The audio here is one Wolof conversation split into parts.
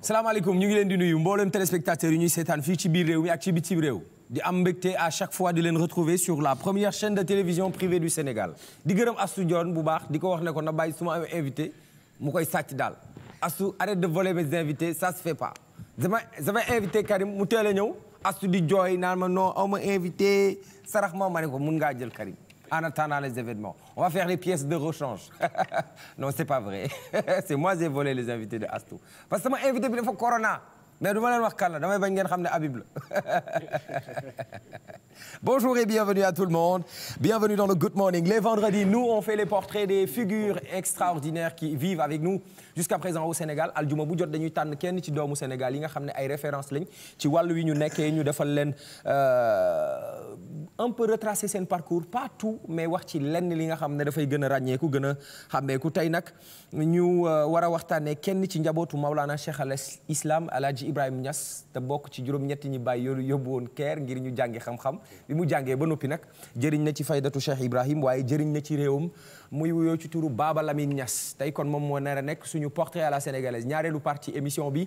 salaamaaleykum ñu ngi leen di nuyu mboolem téléspectateurs yi ñuy seetaan fii ci biir réew mi ak ci bitim réew di am mbégte à chaque fois di leen retrouver sur la première chaîne de télévision privée du Sénégal di gërëm Astou Dione bu baax di ko wax ne ko na bàyyi su ma amee mu koy sàcc daal Astou arrête de voler mes invités ça se fait pas dama dama invité Karim mu teel a ñëw astu di jooy naan ma no aw ma invité sarax ma ma ne mun ngaa jël Karim en attendant les événements. On va faire les pièces de rechange. non, c'est pas vrai. c'est moi j'ai volé les invités de Astou. parce que sama invité bi dafa corona. mais du ma leen wax kan la damay bañ ngeen xam ne Habib la bonjour et bienvenue à tout le monde bienvenue dans le Good Morning les vendredis nous on fait les portraits des figures extraordinaires qui vivent avec nous jusqu'à présent au Sénégal aljuma bu jot dañuy tànn kenn ci doomu Sénégal yi nga xam ne ay références lañ ci wàllu wi ñu nekkee ñu defal leen. Euh, un peu seen parcours pas tout wax ci lenn li nga xam ne dafay gën a ràññeeku gën a xàmmeeku tey nag ñu euh, war a waxtaanee kenn ci njabootu Maulana Cheikh al Islam Alhaji Ibrahima ñas te bokk ci juróom-ñetti ñi bàyyi yoolu yóbbu woon ker ngir ñu jànge xam-xam bi mu jàngee ba noppi nag jëriñ na ci faydatu Cheikh Ibrahim waaye jëriñ na ci réewam muy wuyoo ci turu Baba Lamine ñas tey kon moom moo nar nekk suñu portrait à la sénégalaise ñaareelu partie émission bi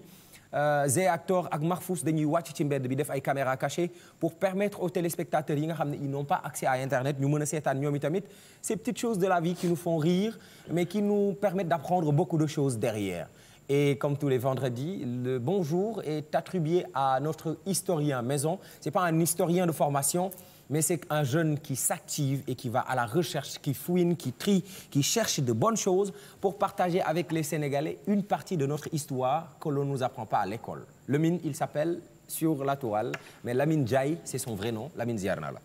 Euh, Zé Actor ak Mahfous dañuy wàcc ci mbedd bi def ay caméra cachée pour permettre aux téléspectateurs yi nga xam ne ils n'ont pas accès à internet ñu mën a seetaan ñoom itamit ces petites choses de la vie qui nous font rire mais qui nous permettent d'apprendre beaucoup de choses derrière et comme tous les vendredis le bonjour est attribué à notre historien maison c'est pas un historien de formation mais c'est un jeune qui s'active et qui va à la recherche, qui fouine, qui trie, qui cherche de bonnes choses pour partager avec les Sénégalais une partie de notre histoire que l'on ne nous apprend pas à l'école. Le mine, il s'appelle sur la toile, mais Lamine Diaye, c'est son vrai nom, Lamine ziar naa la.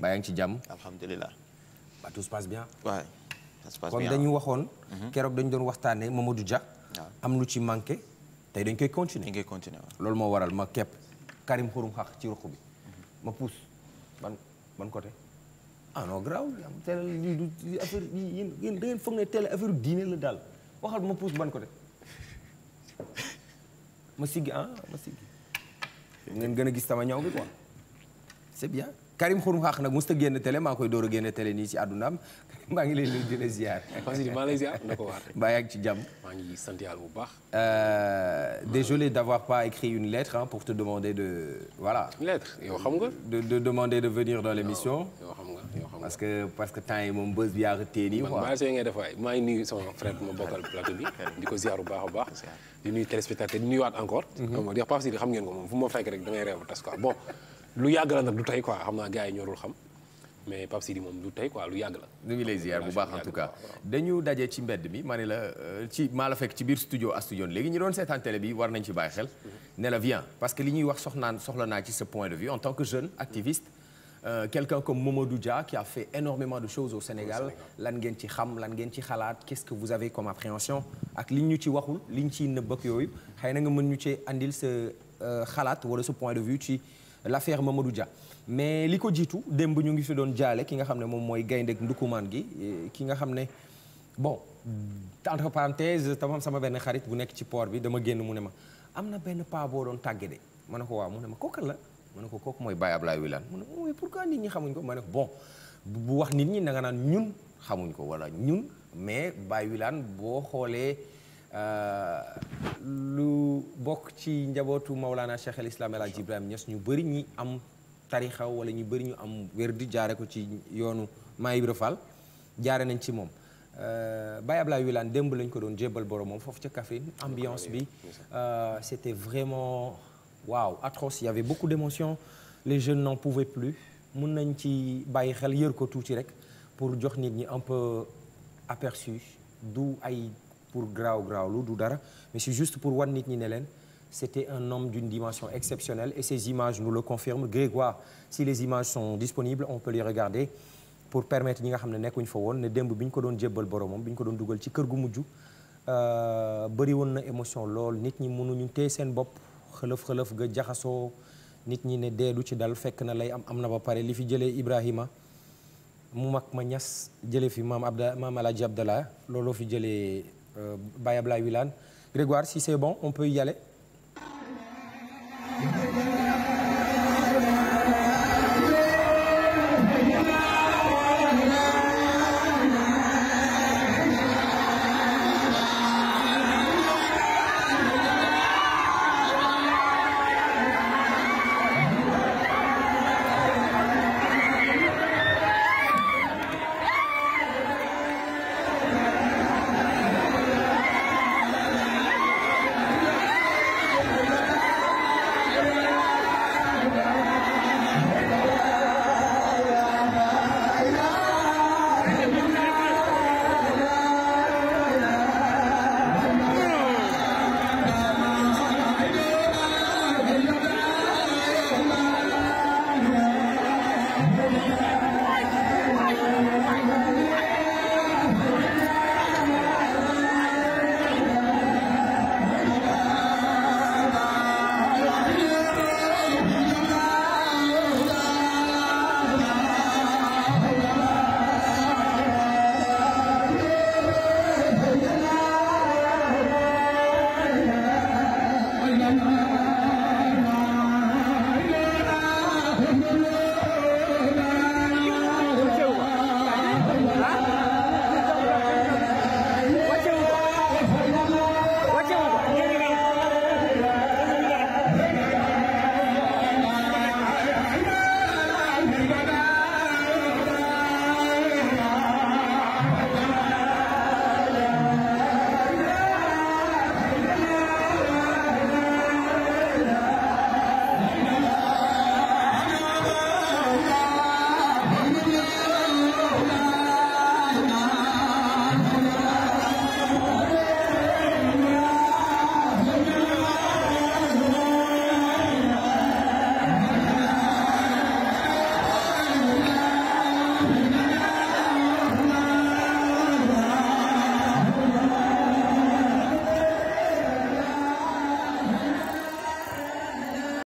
ba yaa ngi ci jàmm. alhamdulilah. ba tout se passe bien. Ouais, ça se mhm. keroog dañu doon waxtaanee Mamadou Dia. am lu ci manqué. tey dañ koy continuer. dañ koy continuer loolu moo waral ma képp Karim Xurum Xax ci bi mhm. ban ban côté. ah non garaaw télé lii du affaire yéen yéen da ngeen foog ne télé affaire diine la daal waxal ma pousse ban côté ma siggi ah ma siggi. ngeen gën a gis sama ñaw bi quoi c'est bien. Karim Xurum Xax nag mosut a génn télé maa koy door a génn télé nii ci àddunaam maa ngi leen di la ziar. Eh, maa ngi lay na ko waatee. mbaa yaa ngi ci bu baax. Euh, désolé d'avoir pas écrit une lettre pour te demander de voilà. yoo xam nga. de demander de venir dans l'émission. yoo xam nga yoo xam nga parce que temps yi moom bës bi yaa maa ngi nuyu sama frère bu ma bokkal plateau bi. di ko ziar bu baax a baax. di nuyu di nuyuwaat encore. Mhm. xam xam ngeen ko moom fu lu yàgg la nag du tey quoi xam naa gars yi ñorul xam mais Pape Sidi moom du tey quoi lu yàgg la. ñu ngi lay ziar bu baax en tout cas dañu daje ci mbedd mi ma ne la euh, ci maa la fekk ci biir studio a studio léegi ñu doon seetaan télé bi war nañ ci bàyyi xel. Mhm. ne la viens parce que li ñuy wax soxnaan soxla naa ci ce point de vue en tant que jeune activiste. Mhm. Euh, quelqu'un comme Mamadou Dia qui a fait énormément de choses au Sénégal lan ngeen ci xam lan ngeen ci xalaat quest que vous avez ak liñ ñu ci waxul liñ ci nëbb ak yooyu xëy na nga mën ñu ci andil sa euh, xalaat wala sa point de vue ci. l'affaire Mamadou ja mais li ko jiitu démb ñu ngi fi doon jaale ki nga xam ne moom mooy gaynde gayndeg ndukumaan gi ki nga xam ne bon entre parenthèse tamam sama benn xarit bu nekk ci port bi dama génn mu ne ma am na benn paa boo doon tàgge de ma ne ko waaw mu ne ma kooka la ma ne ko kooku mooy Baye Ablaye Wilane mu ne mooy pourquoi nit ñi xamuñ ko ma ne ko bon bu wax nit ñi na naan ñun xamuñ ko wala ñun mais baay wilaan boo xoolee Euh, lu bokk ci njabootu Maulana Cheikh al Islam El Hadj Ibrahima ñu bëri ñi am tarixa wala ñu bëri ñu am wér di jaare ko ci yoonu Maam Ibra Fall jaare nañ ci moom euh, Baye Ablaye Wilane démb lañ ko doon jébbal borom moom foofu ca Kaffrine ambiance bi euh, c'était vraiment waaw atroce il y avait beaucoup d'émotions les jeunes n'en pouvaient plus mun nañ ci bàyyi xel yër ko tuuti rek pour jox nit ñi un peu aperçu du ay pour graaw graawlu du dara mais c'est juste pour wan nit ñi ne leen c'était un homme d'une dimension exceptionnelle et ces images nous le confirment Grégoire si les images sont disponibles on peut les regarder pour permettre ñi nga xam ne nekkuñ fa woon ne démb bi ñu ko doon jébbal boromam bi ñu ko doon dugal ci kër gu mujj euh, bëri woon na émotion lool nit ñi mënuñu téye seen bopp xëlëf xëlëf ga jaxasoo nit ñi ne dee du ci dal fekk na lay am am na ba pare li fi jëlee Ibrahima mu mag ma ñas jële fi maam Abda maam Alaaji Abdallah looloo fi jëlee Euh, Baye Ablaye Wilane Grégoire si c'est bon on peut y aller